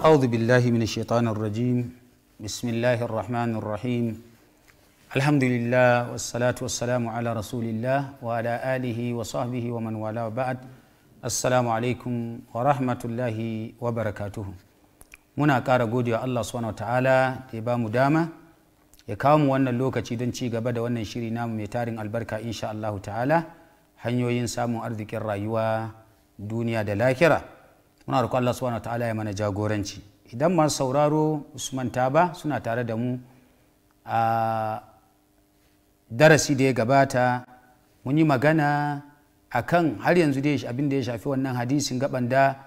أعوذ بالله من الشيطان الرجيم بسم الله الرحمن الرحيم الحمد لله والصلاة والسلام على رسول الله وعلى آله وصحبه ومن والاه بعد السلام عليكم ورحمة الله وبركاته muna ƙara godiya Allah subhanahu ta'ala da ya bamu dama ya kawo mu wannan lokaci don ci gaba da wannan shiri namu mai tarin albarka insha Allah ta'ala hanyoyin samun arzikin rayuwa duniya da lahira muna roƙon Allah subhanahu ta'ala ya mana jagoranci idan masu sauraro Usman Taba suna tare da mu a darasi da ya gabata mun yi magana akan har yanzu dai abin da ya shafi wannan hadisin gaban da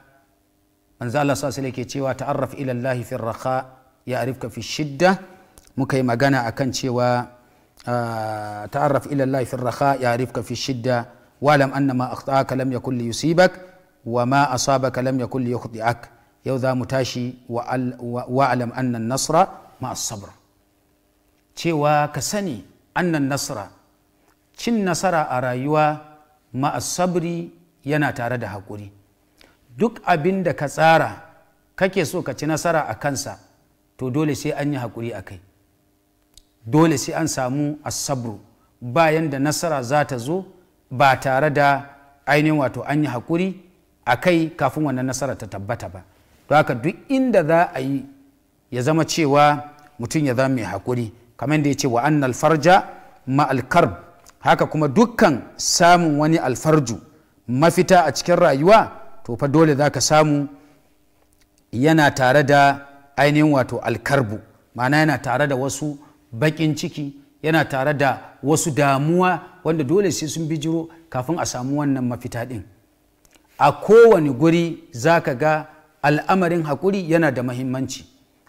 manzo Allah sallallahu ke cewa ta'arraf ila Allah fi raha fi shidda muka yi magana akan cewa ah, ta'arraf ila Allah fi raha ya'rifka fi shidda walam annama ma akhtaka lam yakul yusibak wa ma kulle ya yakul yakhdi'ak yau za mu tashi wa alam annan nasra ma cewa ka sani annan nasra cin nasara a rayuwa ma yana tare da haƙuri duk abin da ka tsara kake so ka ci nasara a kansa to dole sai an yi haƙuri a kai dole sai an samu asabru bayan da nasara za ta zo ba tare da ainihin wato an yi haƙuri a kai kafin wannan nasara ta tabbata ba to haka duk inda za a yi ya zama cewa mutum ya zama mai hakuri kamar da ya ce wa annal farja ma alkarb haka kuma dukkan samun wani alfarju mafita a cikin rayuwa to fa dole za ka samu yana tare da ainihin wato alkarbu ma'ana yana tare da wasu baƙin ciki yana tare da wasu damuwa wanda dole sai sun bijiro kafin a samu wannan mafita ɗin a kowane guri za ka ga al'amarin haƙuri yana da mahimmanci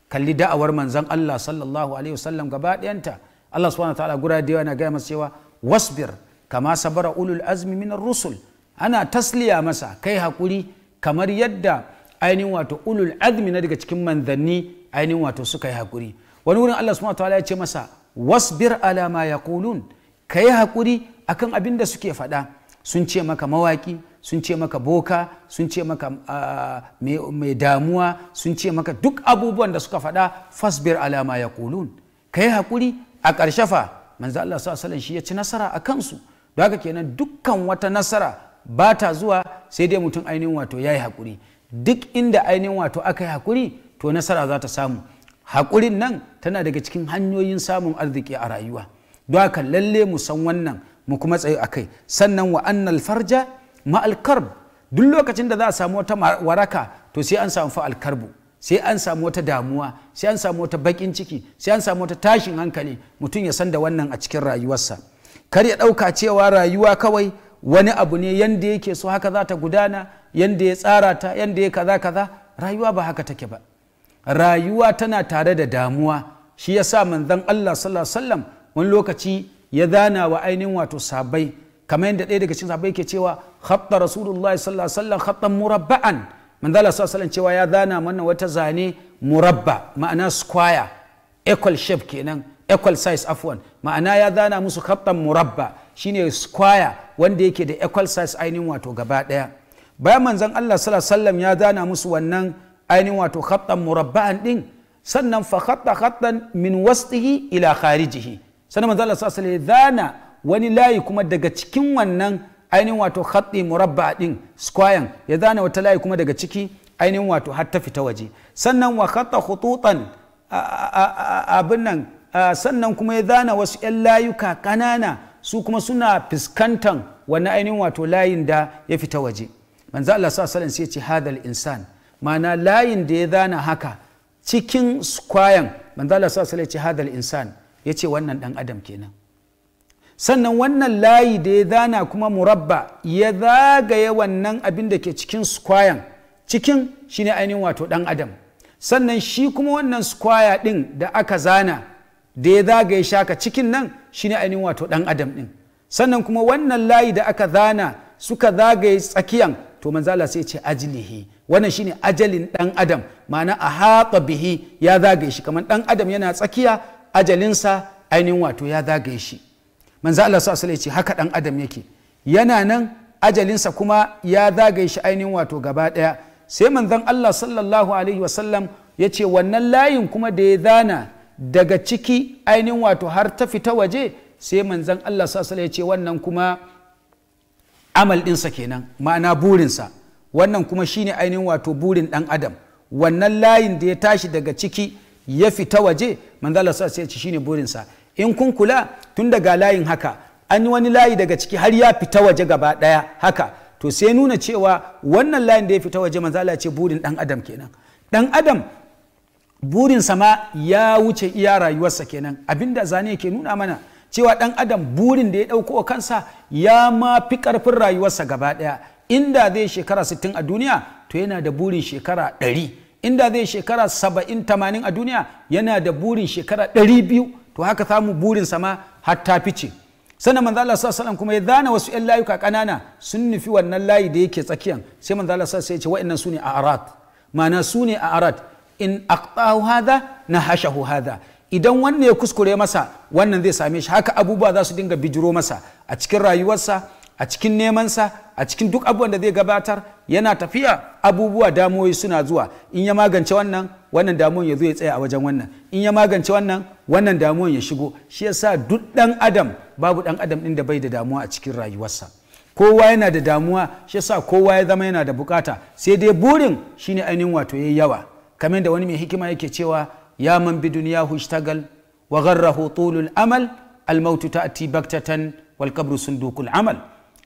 kalli da'awar manzan Allah sallallahu alaihi wasallam gaba ɗayanta Allah subhanahu ta'ala gura da yana gaya masa cewa wasbir kama sabara ulul azmi minar rusul ana tasliya masa kai haƙuri kamar yadda ainihin wato ulul azmi na daga cikin manzanni ainihin wato suka yi haƙuri wani wurin Allah subhanahu ta'ala ya ce masa wasbir ala ma yaqulun kai haƙuri akan abin da suke faɗa sun ce maka mawaki sun ce maka boka sun ce maka ah, mai damuwa sun ce maka duk abubuwan da suka faɗa fasbir alama ya kulun ka yi haƙuri a ƙarshe fa manzo Allah sallallahu shi ya ci nasara a kansu don haka kenan dukkan wata nasara ba ta zuwa sai dai mutum ainihin wato ya yi haƙuri duk inda ainihin wato aka yi haƙuri to nasara za ta samu haƙurin nan tana daga cikin hanyoyin samun arziki a rayuwa don haka lalle mu san wannan mu kuma tsaye a kai sannan wa annal farja ma'al karb duk lokacin da za a samu wata waraka to sai an samu fa'al karbu sai an samu wata damuwa sai an samu wata bakin ciki sai an samu wata tashin hankali mutum ya san da wannan a cikin rayuwarsa kar ya ɗauka cewa rayuwa kawai wani abu ne yanda yake so haka za ta gudana yanda ya tsara ta yanda ya kaza kaza rayuwa ba haka take ba rayuwa tana tare da damuwa shi ya sa manzon Allah sallallahu alaihi wasallam wani lokaci ya zana wa ainihin wato sabai kamar yadda ɗaya daga cikin sabai ke cewa khatta rasulullahi sallallahu alaihi wasallam khattan murabba'an manzala sallallahu alaihi cewa ya zana mana wata zane murabba ma'ana square equal shape kenan equal size afwan ma'ana ya zana musu khattan murabba shine square wanda yake da equal size ainihin wato gaba daya bayan manzon Allah sallallahu alaihi ya zana musu wannan ainihin wato khattan murabba'an din sannan fa khatta khattan min wastihi ila kharijihi sannan manzon Allah sallallahu alaihi ya zana wani layi kuma daga cikin wannan ainihin wato khatti murabba din squayan ya zana wata layi kuma daga ciki ainihin wato har ta fita waje sannan wa khatta khututan abin nan sannan kuma ya zana wasu 'yan layuka ƙanana su kuma suna fuskantan wani ainihin wato layin da ya fita waje manzo Allah sa sallan sai ce hadal insan ma'ana layin da ya zana haka cikin squayan manzo Allah sa sallan ya ce hadal insan ya ce wannan dan adam kenan sannan wannan layi da ya zana kuma murabba ya zagaye wannan abin da ke cikin squayan cikin shine ainihin wato ɗan adam sannan shi kuma wannan squaya ɗin da aka zana da ya zagaye shaka cikin nan shine ainihin wato ɗan adam ɗin sannan kuma wannan layi da aka zana suka zagaye tsakiyan to manzala sai ce ajilihi wannan shine ajalin ɗan adam ma'ana a haƙa bihi ya zagaye shi kamar ɗan adam yana tsakiya ajalinsa ainihin wato ya zagaye shi manzo Allah asali ce haka dan adam yake yana nan ajalinsa kuma ya zagaye shi ainihin wato gaba ɗaya sai manzon Allah sallallahu alaihi wasallam ya ce wannan layin kuma da ya zana daga ciki ainihin wato har ta fita waje sai manzon Allah su asali ya ce wannan kuma amal ɗinsa kenan ma'ana burinsa wannan kuma shine ainihin wato burin ɗan adam wannan layin da ya tashi daga ciki ya fita waje su asali ya ce shine burinsa in kun kula tun daga layin haka an yi wani layi daga ciki har ya fita waje gaba daya haka to sai nuna cewa wannan layin da ya fita waje manzala ce burin ɗan adam kenan ɗan adam burin sama ya wuce iya rayuwarsa kenan abinda zane ke nuna mana cewa ɗan adam burin da ya ɗauko kansa ya ma fi ƙarfin rayuwarsa gaba ɗaya inda zai shekara sittin a duniya to yana da burin shekara ɗari inda zai shekara saba'in tamanin a duniya yana da burin shekara ɗari biyu to haka samu burin sama hatta fice sannan manzo Allah sallallahu alaihi kuma ya zana wasu ƴan layuka ƙanana sun nufi wannan layi da yake tsakiyan sai manzo Allah sallallahu alaihi ya ce sune a arat ma'ana sune a arat in aqtahu hadha nahashahu hadha idan wannan ya kuskure masa wannan zai same shi haka abubuwa za su dinga bijiro masa a cikin rayuwarsa a cikin nemansa a cikin duk abubuwan da zai gabatar yana tafiya abubuwa damuwoyi suna zuwa in ya magance wannan wannan damuwan ya zo ya tsaya a wajen wannan in ya magance wannan wannan damuwan ya shigo shi yasa duk dan adam babu dan adam din da bai da damuwa a cikin rayuwarsa kowa yana da damuwa shi yasa kowa ya zama yana da bukata sai dai burin shine ainihin wato yayi yawa kamar da wani mai hikima yake cewa ya man bi duniya hushtagal wa gharrahu tulul amal al mautu ta'ti baktatan wal qabru sundukul amal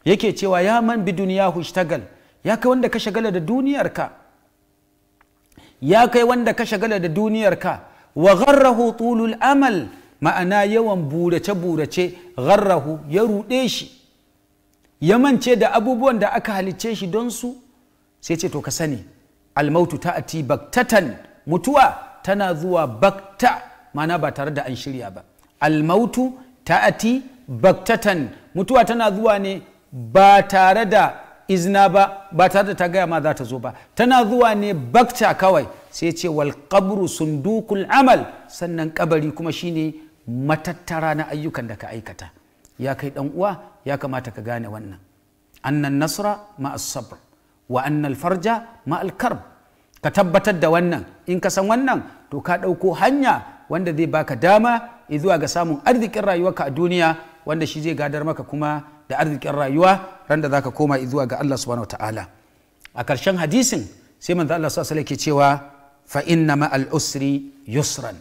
yake cewa ya man bi duniya hushtagal ya kai wanda ka shagala da duniyarka ya kai wanda ka shagala da duniyarka wa gharrahu tulul amal ma'ana yawan burace burace gharrahu ya ruɗe shi ya mance da abubuwan da aka halicce shi don su sai ce to ka sani almautu ta'ati baktatan mutuwa tana zuwa bakta ma'ana ba tare da an shirya ba almautu ta'ati baktatan mutuwa tana zuwa ne ba tare da izina ba ba tare da ta gaya ma za ta zo ba tana zuwa ne bakta kawai sai ce wal qabru sundukul amal sannan kabari kuma shine matattara na ayyukan da ka aikata ya kai dan uwa ya kamata ka gane wannan annan nasra ma sabr wa annal farja ma karb ka tabbatar da wannan in ka san wannan to ka ɗauko hanya wanda zai baka dama zuwa ga samun arzikin rayuwarka a duniya wanda shi zai gadar maka kuma da arzikin rayuwa ran da zaka koma zuwa ga Allah subhanahu ta'ala a ƙarshen hadisin sai manzo Allah sallallahu alaihi ke cewa fa inna ma al usri yusran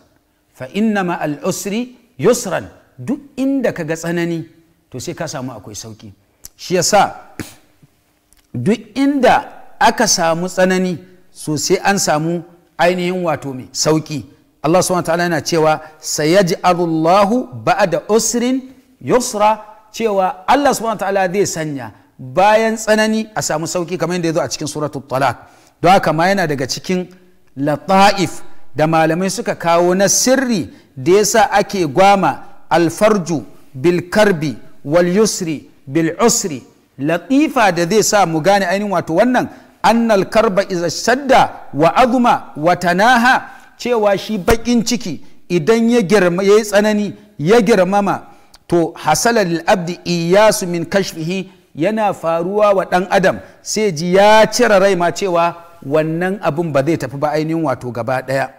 fa inna ma al usri yusran duk inda ka ga tsanani to sai ka samu akwai sauki shi yasa duk inda aka samu tsanani sosai an samu ainihin wato mai sauki Allah subhanahu wa ta'ala yana cewa sayaj'alullahu ba'da usrin yusra cewa Allah subhanahu ta'ala zai sanya bayan tsanani a samu sauki kamar yadda ya zo a cikin suratul talaq don haka ma yana daga cikin lata'if da malamai suka kawo na sirri da yasa ake gwama alfarju bil karbi wal yusri bil usri latifa da zai sa mu gane ainihin wato wannan annal karba iza shadda wa azuma wa tanaha cewa shi bakin ciki idan ya girma ya tsanani ya girmama to hasalal abdi iyasu min kashfihi yana faruwa wa ɗan adam sai ji ya cire rai ma cewa wannan abin ba zai tafi ba ainihin wato gaba ɗaya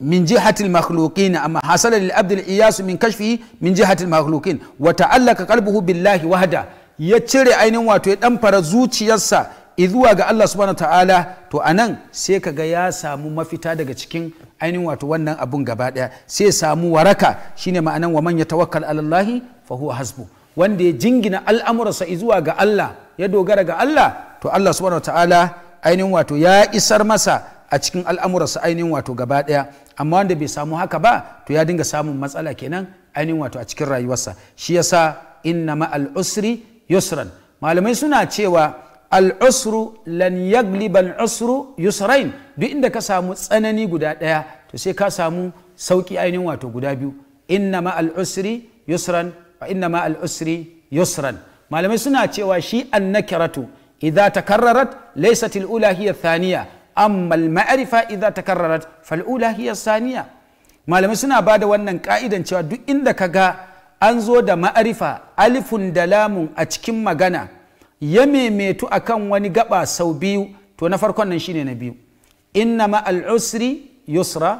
min jihatil makhluqin amma hasala lil abdil iyasu min kashfi min jihatil makhluqin wa ta'allaka qalbuhu billahi wahda ya cire ainihin wato ya dan fara zuciyarsa izuwa ga Allah subhanahu ta'ala to anan sai ka ga ya samu mafita daga cikin ainihin wato wannan abun gaba daya sai samu waraka shine ma'anan wa man yatawakkal ala Allah fa huwa hasbu wanda ya jingina al'amuransa izuwa ga Allah ya dogara ga Allah to Allah subhanahu ta'ala ainihin wato ya isar masa a cikin al'amuransa ainihin wato gaba daya amma wanda bai samu haka ba to ya dinga samun matsala kenan ainihin wato a cikin rayuwarsa shi yasa inna ma'al usri yusran malamai suna cewa al'usru lan yagliba al'usru yusrain duk inda ka samu tsanani guda ɗaya to sai ka samu sauki ainihin wato guda biyu inna ma al'usri yusran wa inna ma al'usri yusran malamai suna cewa shi annakiratu idza takarrarat laysat al'ula hiya thaniya amma al ta idza takarrarat fal'ula hiya thaniya malamai suna ba da wannan ka'idan cewa duk inda ka ga an zo da ma'arifa alifun da lamun a cikin magana ya maimaitu kan wani gaba sau biyu to na farkon nan shine na biyu inna ma al'usri yusra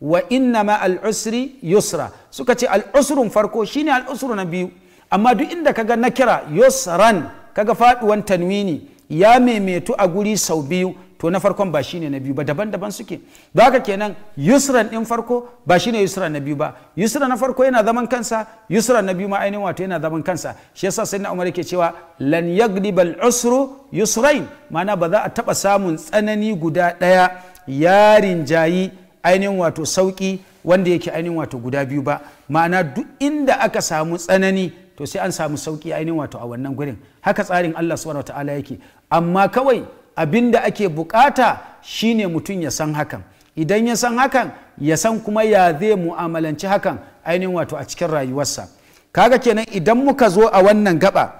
wa inna ma al'usri yusra suka ce al'usrun farko shine al'usru na biyu amma duk inda kaga na kira yusran kaga faduwan tanwini ya maimaitu a guri sau biyu to na farkon ba shine na biyu ba daban-daban suke baka haka kenan yusran din farko ba shine yusra na biyu ba yusra na farko yana zaman kansa yusra na biyu ma ainihin wato yana zaman kansa shi yasa sai na umar yake cewa lan yaglibal usru yusrain ma'ana ba za a taba samun tsanani guda daya yarin jayi ainihin wato sauki wanda yake ainihin wato guda biyu ba ma'ana duk inda aka samu tsanani to sai an samu sauki ainihin wato a wannan gurin haka tsarin Allah subhanahu wataala yake amma kawai abin da ake bukata shine mutum ya san hakan idan ya san hakan ya san kuma ya zai mu'amalanci hakan ainihin wato a cikin rayuwarsa kaga kenan idan muka zo a wannan gaba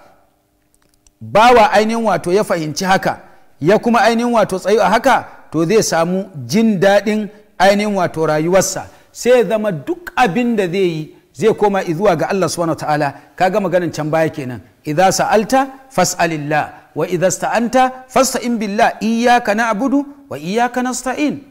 bawa ainihin wato ya fahimci haka ya kuma ainihin wato tsayu a haka to zai samu jin daɗin ainihin wato rayuwarsa sai zama duk abin da zai yi zai koma zuwa ga Allah subhanahu ta'ala kaga maganin can baya kenan idza sa'alta fas'alillah wa idza sta'anta fasta'in billah iyyaka na'budu wa iyyaka nasta'in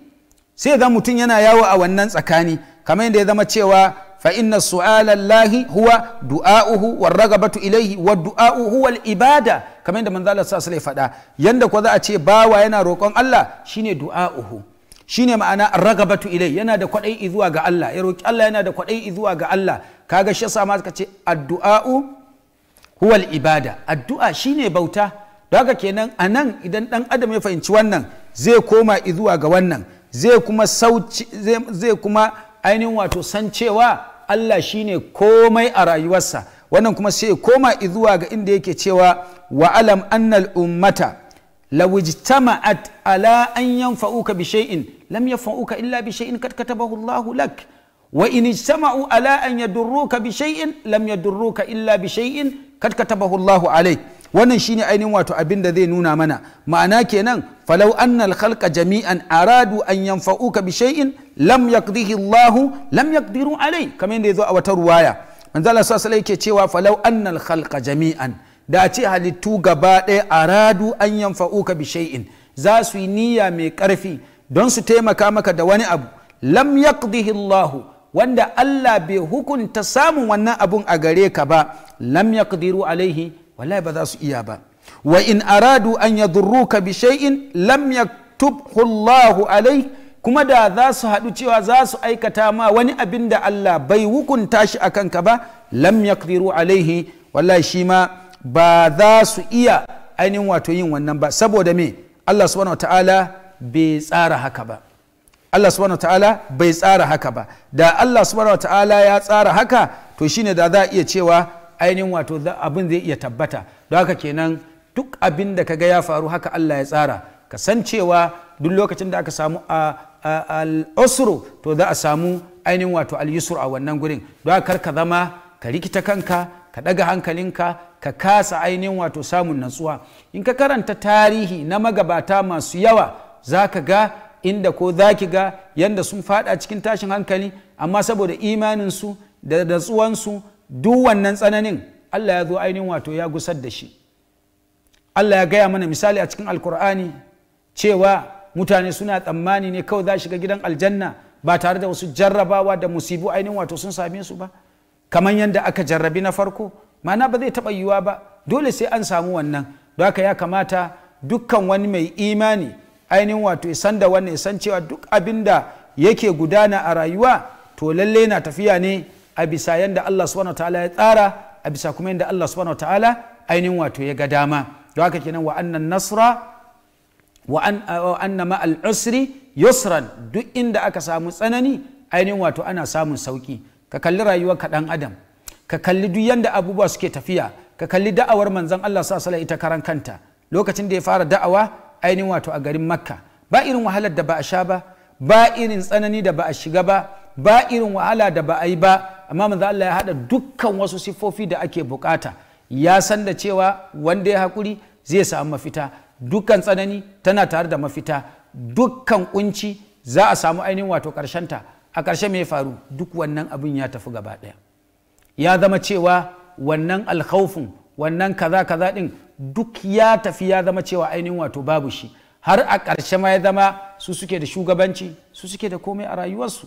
sai ga mutum yana yawo a wannan tsakani kamar yadda ya zama cewa fa'inna inna su'ala lahi huwa du'a'uhu war ragabatu ilayhi wa du'a'u huwa ibada kamar yadda manzo Allah sallallahu alaihi faɗa yanda ko za ce bawa yana roƙon Allah shine du'a'uhu shine ma'ana ragabatu ilai yana da kwaɗayi zuwa ga Allah ya roƙi Allah yana da kwaɗayi zuwa ga Allah kaga shi yasa ma ka ce addu'a'u huwal ibada addu'a shine bauta da haka kenan a idan ɗan adam ya fahimci wannan zai koma izuwa ga wannan zai kuma sauci zai kuma ainihin wato san cewa Allah shine komai a rayuwarsa wannan kuma sai koma izuwa ga inda yake cewa wa alam annal ummata law ijtama'at ala an yanfa'uka bi shay'in lam yanfa'uka illa bi shay'in kad katabahu Allahu lak wa in ijtama'u ala an yadurruka bi shay'in lam yadurruka illa bi shay'in kad katabahu Allahu alayk wannan shine ainihin wato abin da zai nuna mana ma'ana kenan falau annal khalqa jami'an aradu an yanfa'uka bi shay'in lam yaqdihi Allahu lam yaqdiru alai kamar yadda yazo a wata ruwaya manzo Allah sallallahu alaihi yake cewa falau annal khalqa jami'an da ce halittu gaba ɗaya aradu an yanfa'uka bi shay'in za su yi niyya mai ƙarfi don su taimaka maka da wani abu lam yaqdihi Allahu wanda Allah bai hukunta samun wannan abun a gare ka ba lam yaqdiru alaihi wallahi ba za su iya ba wa in aradu an ka bi shay'in lam yaktubhullahu alai kuma da za su haɗu cewa za su aikata ma wani abin da Allah bai hukunta shi a kanka ba lam yaqdiru alaihi wallahi shi ma ba za su iya ainihin wato yin wannan ba saboda me Allah subhanahu ta'ala bai tsara haka ba Allah subhanahu ta'ala bai tsara haka ba da Allah subhanahu ta'ala ya tsara haka to shine da za a iya cewa ainihin wato abin zai iya tabbata don haka kenan duk abin da ka ga ya faru haka Allah ya tsara ka san cewa duk lokacin da aka samu al'usuru to za a samu ainihin wato al'usuru a wannan gurin don kar ka zama ka rikita kanka ka daga hankalinka ka kasa ainihin wato samun natsuwa in ka karanta tarihi na magabata masu yawa za ka ga inda ko za ki ga yadda sun fada cikin tashin hankali amma saboda imaninsu da natsuwansu duk wannan tsananin Allah ya zo ainihin wato ya gusar da shi Allah ya gaya mana misali a cikin alkur'ani cewa mutane suna tsammani ne kawai za shiga gidan aljanna ba tare da wasu jarrabawa da musibu ainihin wato sun same su ba kamar yadda aka jarrabi na farko ma'ana ba zai taɓa yiwuwa ba dole sai an samu wannan don haka ya kamata dukkan wani mai imani ainihin wato ya san da wannan ya san cewa duk abin da yake gudana a rayuwa to lalle na tafiya ne a bisa yadda Allah subhanahu ta'ala ya tsara a bisa kuma yadda Allah subhanahu ta'ala ainihin wato ya ga dama don haka kenan wa annan nasra wa anna ma al usri yusran duk inda aka samu tsanani ainihin wato ana samun sauki ka kalli rayuwar ka dan adam ka kalli duk yadda abubuwa suke tafiya ka kalli da'awar manzon Allah sa ita karan kanta lokacin da ya fara da'awa ainihin wato a garin makka ba irin wahalar da ba a sha ba ba irin tsanani da ba a shiga ba ba irin wahala da ba a yi ba amma manzo Allah ya haɗa dukkan wasu siffofi da ake bukata ya san da cewa wanda ya hakuri zai samu mafita dukkan tsanani tana tare da mafita dukkan kunci za a samu ainihin wato ta a ƙarshe mai faru duk wannan abin ya tafi gaba ɗaya ya zama cewa wannan alkhaufin wannan kaza kaza ɗin duk ya tafi ya zama cewa ainihin wato babu shi har a ƙarshe ma ya zama su suke da shugabanci su suke da komai a rayuwarsu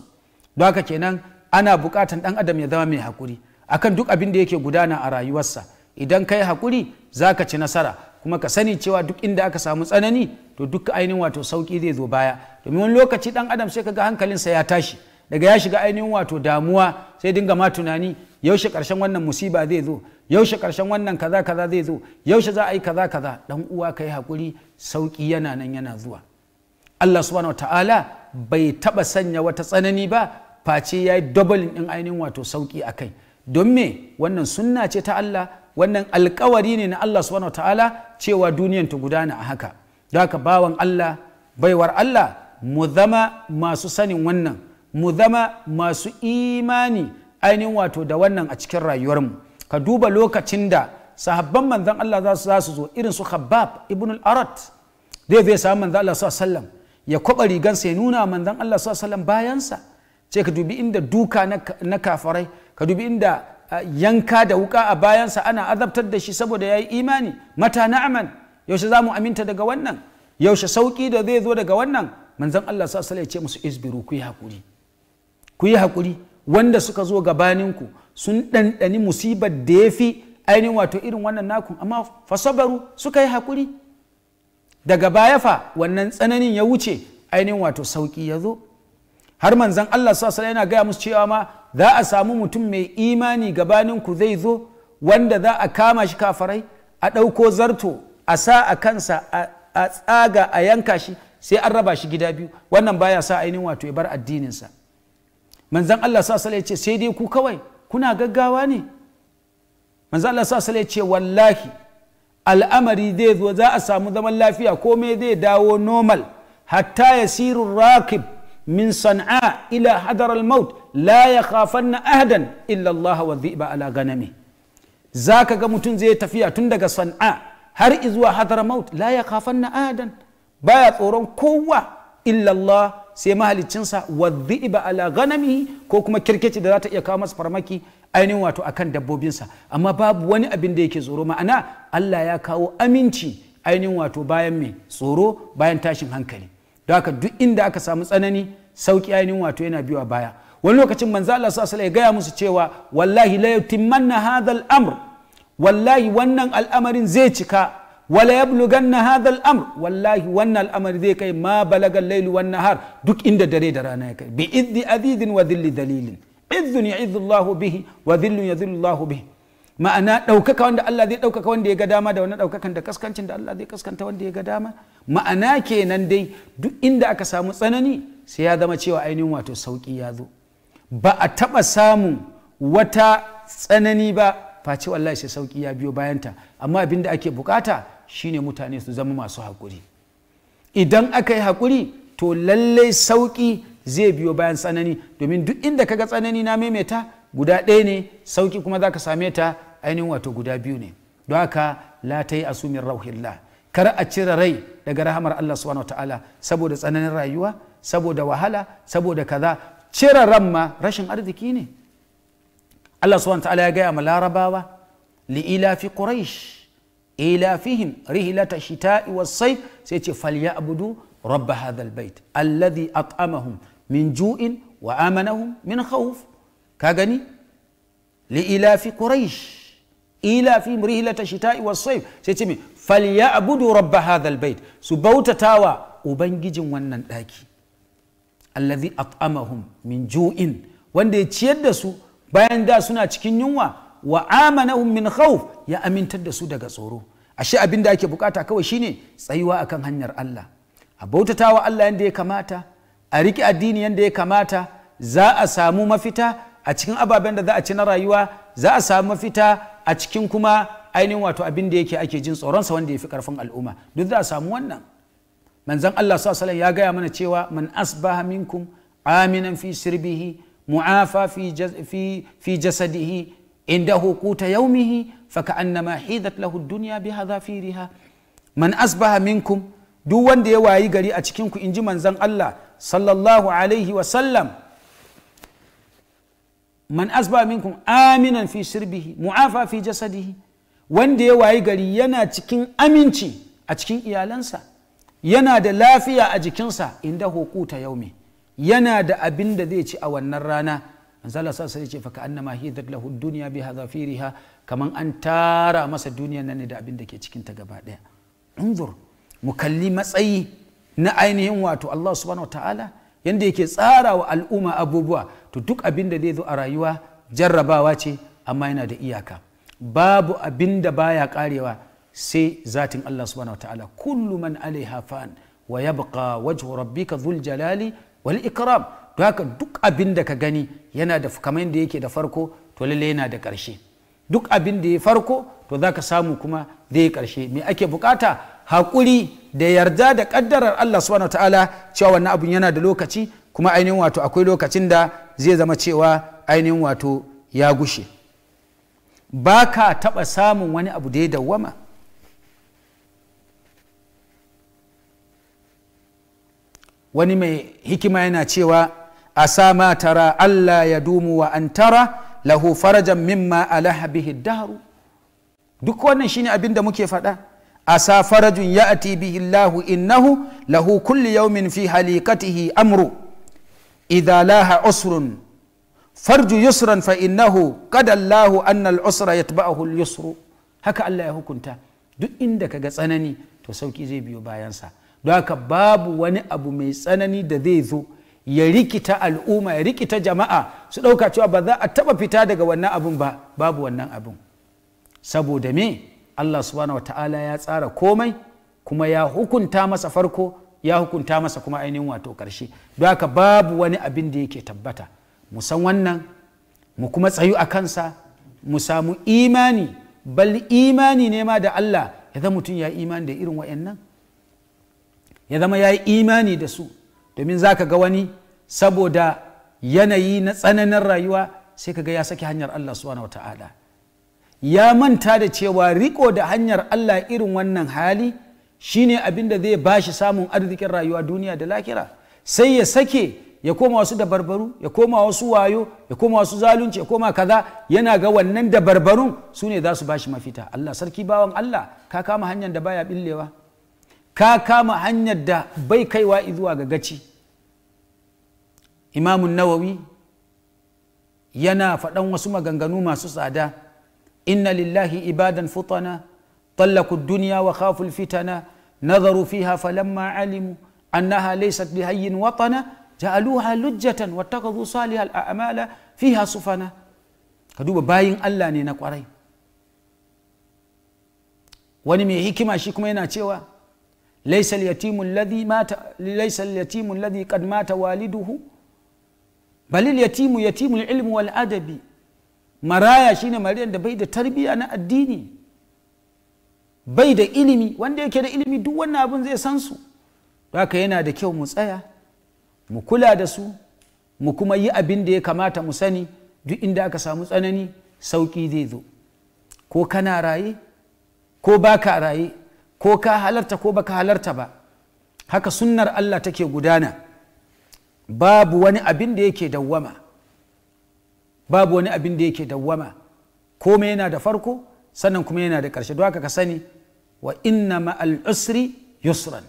don haka kenan ana bukatan ɗan adam ya zama mai hakuri akan duk abin da yake gudana a rayuwarsa idan ka yi haƙuri za ka ci nasara kuma ka sani cewa duk inda aka samu tsanani to duk ainihin wato sauki zai zo baya domin wani lokaci ɗan adam sai kaga hankalinsa ya tashi daga ya shiga ainihin wato damuwa sai dinga ma tunani yaushe karshen wannan musiba zai zo yaushe karshen wannan kaza kaza zai zo yaushe za a yi kaza kaza dan uwa ka hakuri sauki yana nan yana zuwa Allah subhanahu wa ta'ala bai taɓa sanya wata tsanani ba face ya yi dobalin ɗin ainihin wato sauki a kai don me wannan sunna ce ta Allah wannan alkawari ne na Allah subhanahu ta'ala cewa duniyan ta gudana a haka don haka bawan Allah baiwar Allah mu zama masu sanin wannan mu zama masu imani ainihin wato da wannan a cikin rayuwar mu ka duba lokacin da sahabban manzan Allah za su zo irin su Khabbab ibn al-Arat zai zai samu manzon Allah wasallam ya kwaba rigansa ya nuna manzan Allah wasallam bayansa sai ka dubi inda duka na kafarai ka dubi inda yanka da wuka a bayansa ana azabtar da shi saboda ya yi imani mata na'aman yaushe za mu aminta daga wannan yaushe sauki da zai zo daga wannan manzon Allah sa ya ce musu isbiru ku yi hakuri ku yi hakuri wanda suka zo gabaninku sun ɗanɗani musibar da ya fi ainihin wato irin wannan naku amma fasabaru suka yi hakuri daga baya fa wannan tsananin ya wuce ainihin wato sauki ya zo har manzan Allah sa yana gaya musu cewa ma za a samu mutum mai imani gabanin ku zai zo wanda za a kama shi kafarai a ɗauko zarto a sa a kansa a tsaga a yanka shi sai an raba shi gida biyu wannan baya sa ainihin wato ya bar addininsa manzan Allah sa yace ce sai dai ku kawai kuna gaggawa ne manzan Allah sa ya ce wallahi al'amari zai zo za a samu zaman lafiya komai zai dawo normal hatta yasirur rakib min san'a ila hadar al-maut la yakhafanna ahadan illa Allah wa dhi'ba ala ganami zaka ga mutum zai tafiya tun daga san'a har izuwa hadara maut la yakhafanna ahadan baya tsoron kowa illa sai mahaliccinsa wadhi'iba ala ganami ko kuma kirkeci da za ta iya kawo masa farmaki ainihin wato akan dabbobinsa amma babu wani abin da yake tsoro ma'ana Allah ya kawo aminci ainihin wato bayan mai tsoro bayan tashin hankali da haka duk inda aka samu tsanani sauki ainihin wato yana biwa baya wani lokacin manzo Allah sallallahu alaihi gaya musu cewa wallahi la yutimmanna hadha al-amr wallahi wannan al'amarin zai cika wala yablughanna hadha al-amr wallahi wannan al'amar zai kai ma balagal layl wan nahar duk inda dare da rana ya kai bi iddi azizin wa dhilli dalilin idzun ya'izzu Allahu bihi wa dhillu yadhillu Allahu bihi ma'ana ɗaukaka wanda Allah zai ɗaukaka wanda ya ga dama da wani ɗaukakan da kaskancin da Allah zai kaskanta wanda ya ga dama ma'ana kenan dai duk inda aka samu tsanani sai ya zama cewa ainihin wato sauƙi ya zo ba a taɓa samun wata tsanani ba face wallahi sai sauƙi ya biyo bayanta amma abin da ake bukata shine mutane su zama masu haƙuri idan aka yi haƙuri to lallai sauƙi zai biyo bayan tsanani domin duk inda kaga tsanani na maimaita guda ɗaya ne sauƙi kuma za ka same ta ainihin wato guda biyu ne don haka la ta yi asumin rauhillah kar a cire rai daga rahamar Allah subhanahu wataala saboda tsananin rayuwa saboda wahala saboda kaza cire ran ma rashin arziki ne Allah subhanahu wataala ya gaya ma larabawa li ilafi quraish ilafihim rihlata shita'i was-sayf sai ce falyabudu rabb hadha al-bait alladhi at'amahum min ju'in wa amanahum min khawf ka gani li ilafi quraish ilafihim rihlata shita'i was-sayf sai ce abudu rabba hadhal bait su bautatawa ubangijin wannan ɗaki allazi at'amahum min ju'in wanda ya ciyar da su bayan da suna cikin yunwa wa amanahum min khawf ya amintar da su daga tsoro ashe abin da ake bukata kawai shine tsayuwa akan hanyar Allah a bautatawa Allah yanda ya kamata a riƙe addini yanda ya kamata za a samu mafita a cikin ababen da za a ci na rayuwa za a samu mafita a cikin kuma ainihin wato abin da yake ake jin tsoronsa wanda ya fi karfin al'umma duk za a samu wannan manzon Allah sallallahu alaihi ya gaya mana cewa man asbaha minkum aminan fi sirbihi mu'afa fi fi fi jasadihi indahu quta yawmihi fa faka'annama hidat lahu dunya bi hadafiriha man asbaha minkum duk wanda ya wayi gari a cikin ku inji manzon Allah sallallahu alaihi wa sallam man asbaha minkum aminan fi sirbihi mu'afa fi jasadihi wanda ya wayi gari yana cikin aminci a cikin iyalansa yana da lafiya a jikinsa inda hukuta yaumi yana da abin da zai ci a wannan rana manzala sa sai ce faka annama hidat lahu dunya bi hadafiriha kaman an tara masa duniyar nan ne da abin da ke cikin ta gaba daya unzur mu kalli matsayi na ainihin wato Allah subhanahu wa ta'ala yanda yake tsara wa al'umma abubuwa to duk abin da zai zo a rayuwa jarrabawa ce amma yana da iyaka babu abin da baya karewa sai zatin Allah subhanahu wa ta'ala kullu man alaiha fan wa yabqa wajhu rabbika dhul jalali wal ikram to haka duk abin da ka gani yana da kamar yadda yake da farko to lalle yana da karshe duk abin da ya farko to zaka samu kuma zai yi karshe me ake bukata hakuri da yarda da kaddarar Allah subhanahu wa ta'ala cewa wannan abin yana da lokaci kuma ainihin wato akwai lokacin da zai zama cewa ainihin wato ya gushe ba ka taɓa samun wani abu da ya dawwama wani mai hikima yana cewa a sama tara allah ya dumu wa an tara lahu farajan mimma alaha daru duk wannan shine abin da muke faɗa asa farajun ya'ti bihi allahu innahu lahu kulli yawmin fi halikatihi amru idza laha usrun farju yusran fa innahu qad Allahu anna usra yatba'ahu al-yusru haka Allah ya hukunta duk inda kaga tsanani to sauki zai biyo bayansa don haka babu wani abu mai tsanani da zai zo ya rikita al'umma ya rikita jama'a su ɗauka cewa ba za a taɓa fita daga wannan abun ba babu wannan abun saboda me Allah subhanahu ta'ala ya tsara komai kuma ya hukunta masa farko ya hukunta masa kuma ainihin wato ƙarshe don haka babu wani abin da yake tabbata mu san wannan mu kuma tsayu a kansa mu samu imani bal imani ne ma da Allah ya zama mutum ya imani da irin wa'annan ya zama ya yi imani da su domin za ka ga wani saboda yanayi na tsananin rayuwa sai ka ga ya saki hanyar Allah subhanahu wa ta'ala ya manta da cewa riko da hanyar Allah irin wannan hali shine abin da zai bashi samun arzikin rayuwa duniya da lakira sai ya sake ya koma wasu dabarbaru ya koma wasu wayo ya koma wasu zalunci ya koma kaza yana ga wannan dabarbarun su ne za su ba mafita Allah sarki bawan Allah ka kama hanyar da baya billewa ka kama hanyar da bai kaiwa zuwa ga gaci Imam nawawi yana fadan wasu maganganu masu tsada inna lillahi ibadan futana طلقوا الدنيا وخافوا الفتنة نظروا فيها فلما علموا أنها ليست بهي وطنة ja'aluha lujjatan wattakazu salihal a'mala fiha sufana ka duba bayin Allah ne na kwarai wani mai hikima shi kuma yana cewa laysa al-yatimu alladhi mata laysa al-yatimu yatimu al-ilmi wal adabi maraya shine mariyan da bai da tarbiya na addini bai da ilimi wanda yake da ilimi duk wannan abin zai san su haka yana da kyau mu tsaya mu kula da su mu kuma yi abin da ya kamata mu sani duk inda aka samu tsanani sauƙi zai zo ko kana raye ko ba ka raye ko ka halarta ko ba ka halarta ba haka sunnar Allah take gudana babu wani abin da yake dawwama babu wani abin da yake dawwama komai yana da farko sannan kuma yana da ƙarshe don haka ka sani wa inna ma usri yusran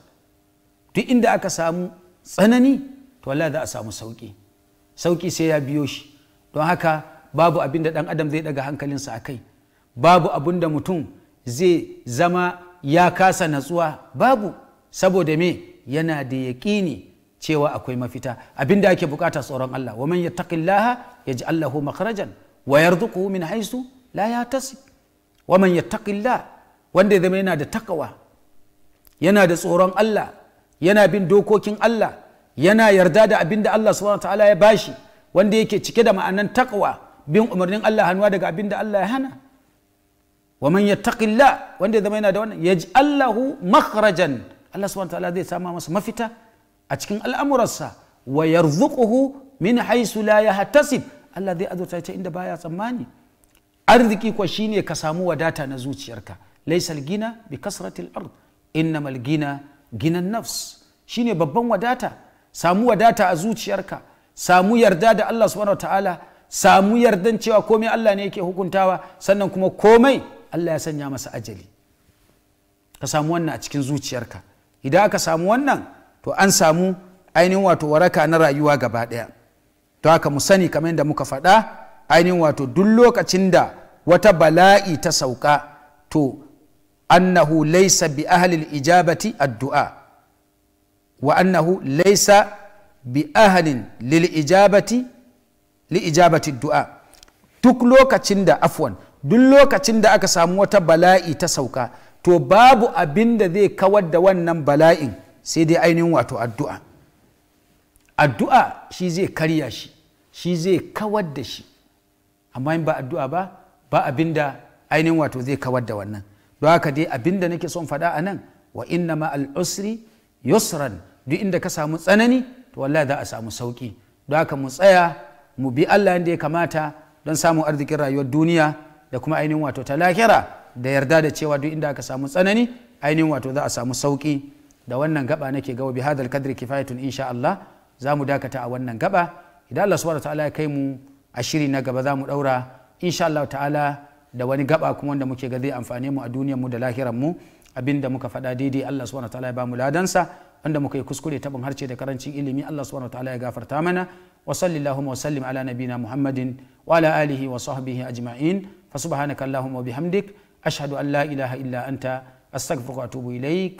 duk inda aka samu tsanani to Allah za a samu sauki sauki sai ya biyo shi don haka babu abin da dan adam zai daga hankalinsa a kai babu abin da mutum zai zama ya kasa natsuwa babu saboda me yana da yaƙini cewa akwai mafita abin da ake bukata tsoron Allah wa man yattaqillaha yaj'al lahu makhrajan wa yarzuquhu min haisu la yatasi wa man yattaqillah wanda ya zama yana da takawa yana da tsoron Allah yana bin dokokin Allah yana yarda da abin da Allah subhanahu ta'ala ya bashi wanda yake cike da ma'anan takwa bin umarnin Allah hannuwa daga abin da Allah ya hana wa man yattaqillah wanda zama yana da wannan yaj'allahu makhrajan Allah subhanahu ta'ala zai sama masa mafita a cikin al'amuransa wa yarzuquhu min haisu la yahtasib Allah zai azurta ta inda baya tsammani arziki kwa shine ka samu wadata na zuciyarka laisal gina bi kasratil ard innamal gina ginan nafs shine babban wadata samu wadata a zuciyarka samu yarda da Allah subhanahu ta'ala samu yardan cewa komai Allah ne yake hukuntawa sannan kuma komai Allah ya sanya masa ajali ka samu wannan a cikin zuciyarka idan aka samu wannan to an samu ainihin wato waraka na rayuwa gaba ɗaya to haka mu sani kamar yadda muka faɗa ainihin wato duk lokacin da wata bala'i ta sauka to annahu laysa bi ahlil ijabati addu'a wa annahu laysa bi ahanin lil ijabati li ijabati du'a duk lokacin da afwan duk lokacin da aka samu wata bala'i ta sauka to babu abin da zai kawar da wannan bala'in sai dai ainihin wato addu'a addu'a shi zai karya shi shi zai kawar da shi amma in ba addu'a ba ba abin da ainihin wato zai kawar da wannan don haka dai abin da nake son faɗa a nan wa inna ma al'usri yusran duk inda ka samu tsanani to wallahi za a samu sauki don haka mu tsaya mu bi Allah yadda ya kamata don samun arzikin rayuwar duniya da kuma ainihin wato ta lahira da yarda da cewa duk inda ka samu tsanani ainihin wato za a samu sauki da wannan gaba nake gawa bi hadal kadri kifayatun insha Allah za mu dakata a wannan gaba idan Allah subhanahu ta'ala ya kai mu a shiri na gaba za mu daura insha Allah ta'ala da wani gaba kuma wanda muke ga zai amfane mu a duniyar mu da lahirar mu abinda muka faɗa daidai Allah subhanahu wataala ya mu ladansa wanda muka yi kuskure taɓin harce da karancin ilimi Allah subhanahu wataala ya gafarta mana wa sallallahu wa sallim ala nabina Muhammadin wa ala alihi wa sahbihi ajma'in fa subhanaka allahumma wa bihamdik ashhadu an la ilaha illa anta astaghfiruka wa atubu ilaik